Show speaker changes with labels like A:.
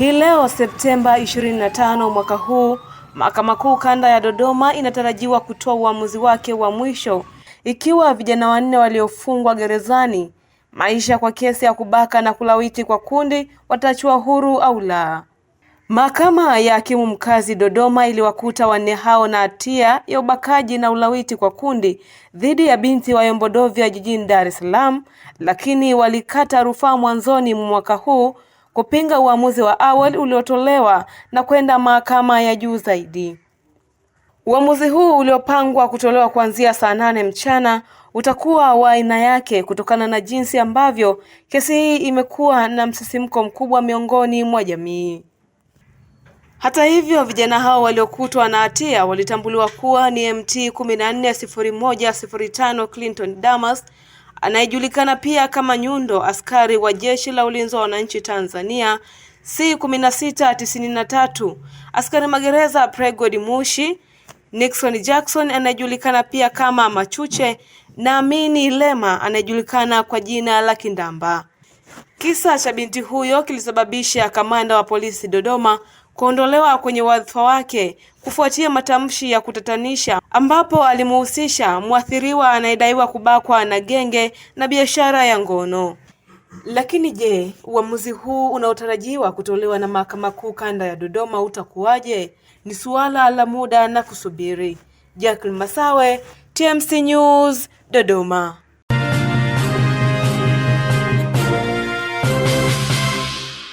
A: Hii leo Septemba 25 mwaka huu, Mahakama Kuu Kanda ya Dodoma inatarajiwa kutoa uamuzi wake wa mwisho ikiwa vijana wanne waliofungwa gerezani maisha kwa kesi ya kubaka na kulawiti kwa kundi watachua huru au la. Mahakama ya Hakimu Mkazi Dodoma iliwakuta wanne hao na hatia ya ubakaji na ulawiti kwa kundi dhidi ya binti wa Yombo jijini Dar es Salaam, lakini walikata rufaa mwanzoni mwaka huu kupinga uamuzi wa awali uliotolewa na kwenda mahakama ya juu zaidi. Uamuzi huu uliopangwa kutolewa kuanzia saa nane mchana utakuwa wa aina yake kutokana na jinsi ambavyo kesi hii imekuwa na msisimko mkubwa miongoni mwa jamii. Hata hivyo, vijana hao waliokutwa na hatia walitambuliwa kuwa ni MT kumi na Clinton Damas anayejulikana pia kama Nyundo, askari wa Jeshi la Ulinzi wa Wananchi Tanzania C kumi na sita tisini na tatu, askari magereza Pregod Mushi, Nixon Jackson anayejulikana pia kama Machuche na Amini Lema anayejulikana kwa jina la Kindamba. Kisa cha binti huyo kilisababisha kamanda wa polisi Dodoma kuondolewa kwenye wadhifa wake kufuatia matamshi ya kutatanisha ambapo alimuhusisha mwathiriwa anayedaiwa kubakwa na genge na biashara ya ngono. Lakini je, uamuzi huu unaotarajiwa kutolewa na Mahakama Kuu Kanda ya Dodoma utakuwaje? Ni suala la muda na kusubiri. Jacqueline Masawe, TMC News, Dodoma.